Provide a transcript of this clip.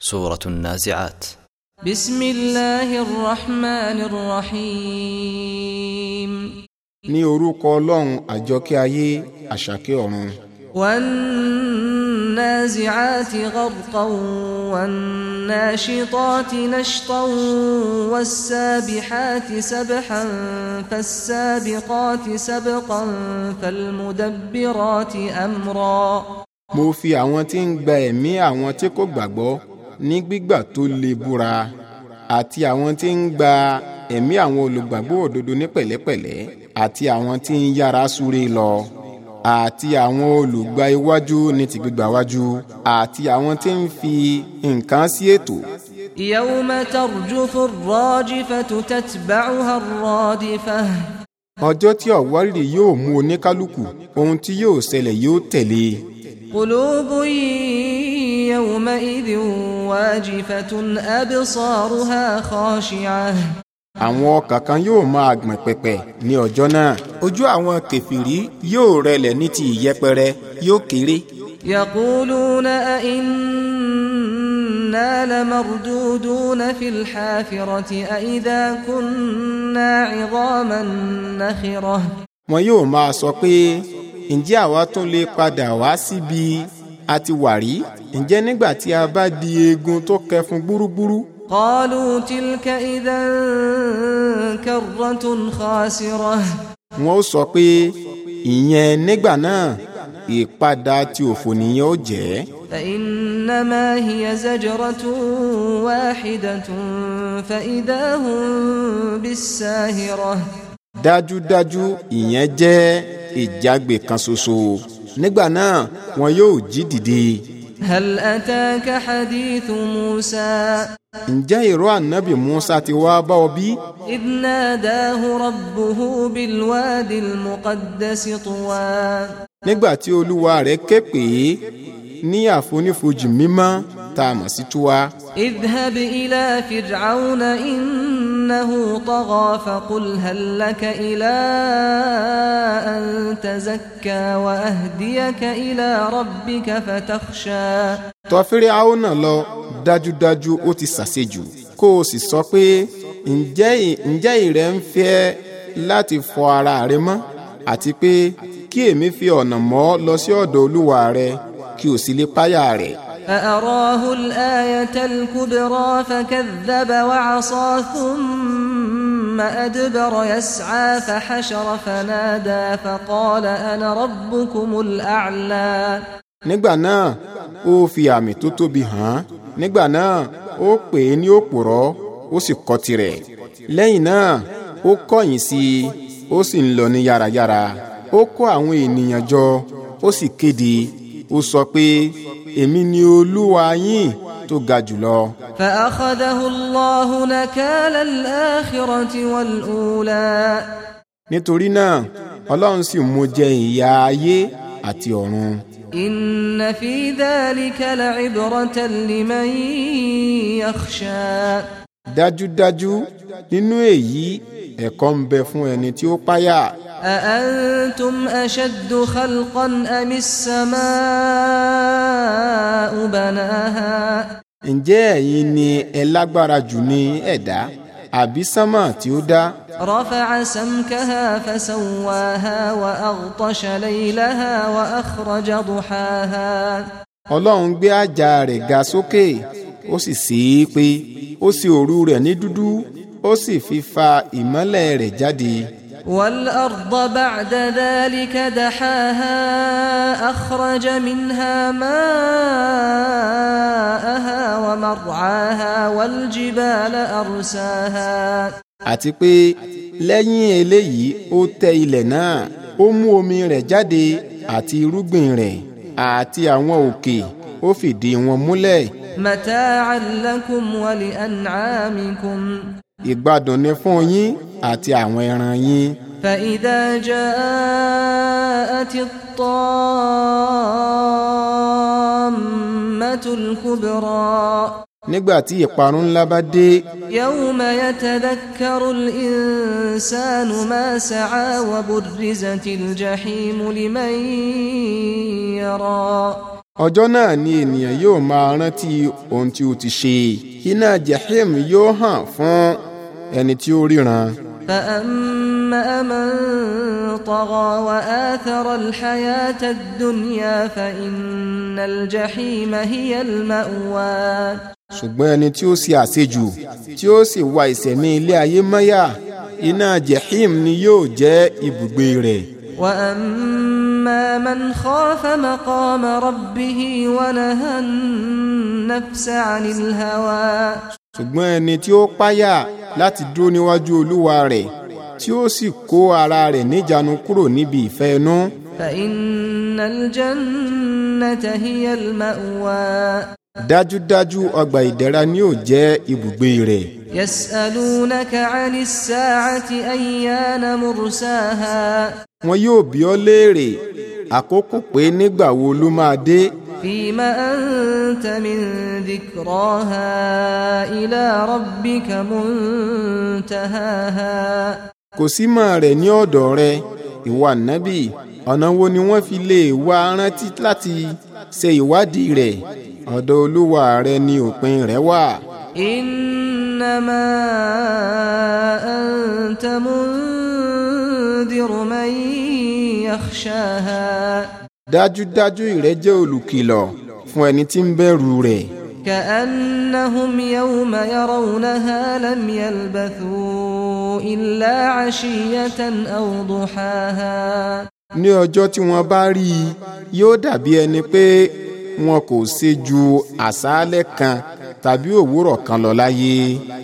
سورة النازعات بسم الله الرحمن الرحيم ní orúkọ ọlọ́run àjọkẹ́ ayé àṣàkẹ́ والنازعات غرقا والناشطات نشطا والسابحات سبحا فالسابقات سبقا فالمدبرات أمرا. موفي fi àwọn مي ń gba ẹ̀mí ní gbígbà tó lè búra àti àwọn tí ń gba ẹ̀mí àwọn olùgbàgbọ́ òdodo ní pẹ̀lẹ́pẹ̀lẹ́ àti àwọn tí ń yára súré lọ àti àwọn olùgbà iwájú ní ti gbígbà wájú àti àwọn tí ń fi nǹkan sí ètò. yawma tarjufu rrajifatu tatba'uha rradifah. ọjọ́ tí ọ̀wárìrì yóò mú oníkálukú ohun tí yóò ṣẹlẹ̀ yóò tẹ̀lé. qulubun يومئذ واجفة أبصارها خاشعة àwọn ọkàn kan yóò máa gbọ̀n pẹ̀pẹ̀ ní ọjọ́ náà ojú àwọn kẹfìrí yóò rẹlẹ̀ ní ti ìyẹpẹrẹ yóò kéré. يقولون أئنا لمردودون في الحافرة أئذا كنا عظاما نخرة wọn yóò máa sọ pé ǹjẹ́ àwa tún lè padà wá síbi a wà rí ǹjẹ́ nígbà tí a bá di eegun tó kẹfun gbúrúgbúrú. qalu tilka idhan karratun khasirah. wọ́n ó sọ pé ìyẹn nígbà náà ìpadà tí òfò nìyẹn ó jẹ́. fa innama hiya zajratun wahidatun fa idha hum bis-sahirah. dájúdájú ìyẹn jẹ́ ìjágbe kan ṣoṣo nígbà náà wọn yóò jí dìde. هل أتاك حديث موسى ǹjẹ́ ìró ànábì musa ti wá bá ọ bí. idnadahu rabbuhu bilwadi almuqaddasi tuwa. nígbà tí olúwa rẹ̀ ké pè é ní àfonífojì mímọ́ tá a mọ̀ sí túwá. idhab ila fir'auna innahu tagha faqul hal laka ila an tazakka wa ahdiyaka ila rabbika fatakhsha. tọ̀ Fíráúnà lọ dájúdájú ó ti ṣàṣejù kó o sì sọ pé ǹjẹ́ ìrẹ́ ń fẹ́ láti fọ ara rẹ mọ́ àti pé kí èmi fi ọ̀nà mọ́ lọ sí ọ̀dọ̀ olúwa rẹ kí o sì lè páyà rẹ̀. فأراه الآية الكبرى فكذب وعصى ثم أدبر يسعى فحشر فنادى فقال أنا ربكم الأعلى nígbà náà ó fi àmì tó tóbi hàn án nígbà náà ó pè é ní òpùrọ́ ó sì kọ̀ tirẹ̀ lẹ́yìn náà ó kọ̀yìn sí i ó sì ń lọ ní yárayára ó kó àwọn ènìyàn jọ ó sì kéde ó sọ pé èmi ni olúwa yín tó ga jùlọ. فأخذه الله نكال الآخرة والأولى. nítorí náà ọlọ́run sì mú jẹ ìyà ayé àti ọ̀run. إن في ذلك لعبرة لمن يخشى. dájúdájú nínú èyí ẹ̀kọ́ ń bẹ fún ẹni tí ó páyà. أأنتم أشد خلقا أم السماء بناها ǹjẹ́ ẹ̀yin ni ẹ lágbára jù ní ẹ̀dá àbí sánmà tí ó dá. رفع سمكها فسواها وأغطش ليلها وأخرج ضحاها. ọlọ́run gbé àjà rẹ̀ ga sókè ó sì sí i pé ó sì òru rẹ̀ ní dúdú ó sì fi fa ìmọ́lẹ̀ rẹ̀ jáde. والأرض بعد ذلك دحاها أخرج منها ماءها ومرعاها والجبال أرساها àti pé lẹ́yìn eléyìí ó tẹ ilẹ̀ náà ó mú omi rẹ̀ jáde àti irúgbìn rẹ̀ àti àwọn òkè ó fìdí wọn múlẹ̀. mata'an lakum wa li an'amikum ìgbádùn ni fún yín àti àwọn ẹran yín. فإذا جاءت الطامة الكبرى nígbà tí ìparun ńlá bá dé. yawma yatadhakkaru al-insanu ma sa'a wa burrizatil jahimu liman yara ọjọ́ náà ni ènìyàn yóò máa rántí ohun tí ó ti ṣe iná jahim yóò hàn fún ẹni tí ó ríran. فأما من طغى وآثر الحياة الدنيا فإن ṣùgbọ́n ẹni tí ó ṣe àṣejù tí ó sì wa ìṣẹ̀mí ilé ayé mọ́yà iná jahim ni yóò jẹ́ ibùgbé rẹ̀. وأما أما من خاف مقام ربه ونهى النفس عن الهوى ṣùgbọ́n ẹni tí ó páyà láti dúró níwájú olúwa rẹ̀ tí ó sì kó ara rẹ̀ níjànú kúrò níbi ìfẹ́ inú. فإن الجنة هي المأوى dájúdájú ọgbà ìdẹ̀ra ni yóò jẹ́ ibùgbé rẹ̀. yasalunaka ani saati ayyana mursaha. wọn yóò bi ọ́ léèrè àkókò pé nígbà wo ló máa dé. Fima anta min dhikraha ila rabbika muntahaha. Kò sí máa rẹ̀ ní ọ̀dọ̀ rẹ, ìwà nábì, ọ̀nà wo ni wọ́n fi lè wá rántí láti ṣe ìwádìí rẹ̀? Ọ̀dọ̀ olúwa rẹ ni òpin rẹ̀ wà. Innama anta muntahaha. تنذر من يخشاها dájúdájú ìrẹ jẹ́ olùkìlọ̀ fún ẹni tí ń bẹ̀rù rẹ̀. كأنهم يوم يرونها لم يلبثوا إلا عشية أو ضحاها ní ọjọ́ tí wọ́n bá rí i yóò dàbí ẹni pé wọn kò ṣe ju àṣálẹ́ kan tàbí òwúrọ̀ kan lọ láyé.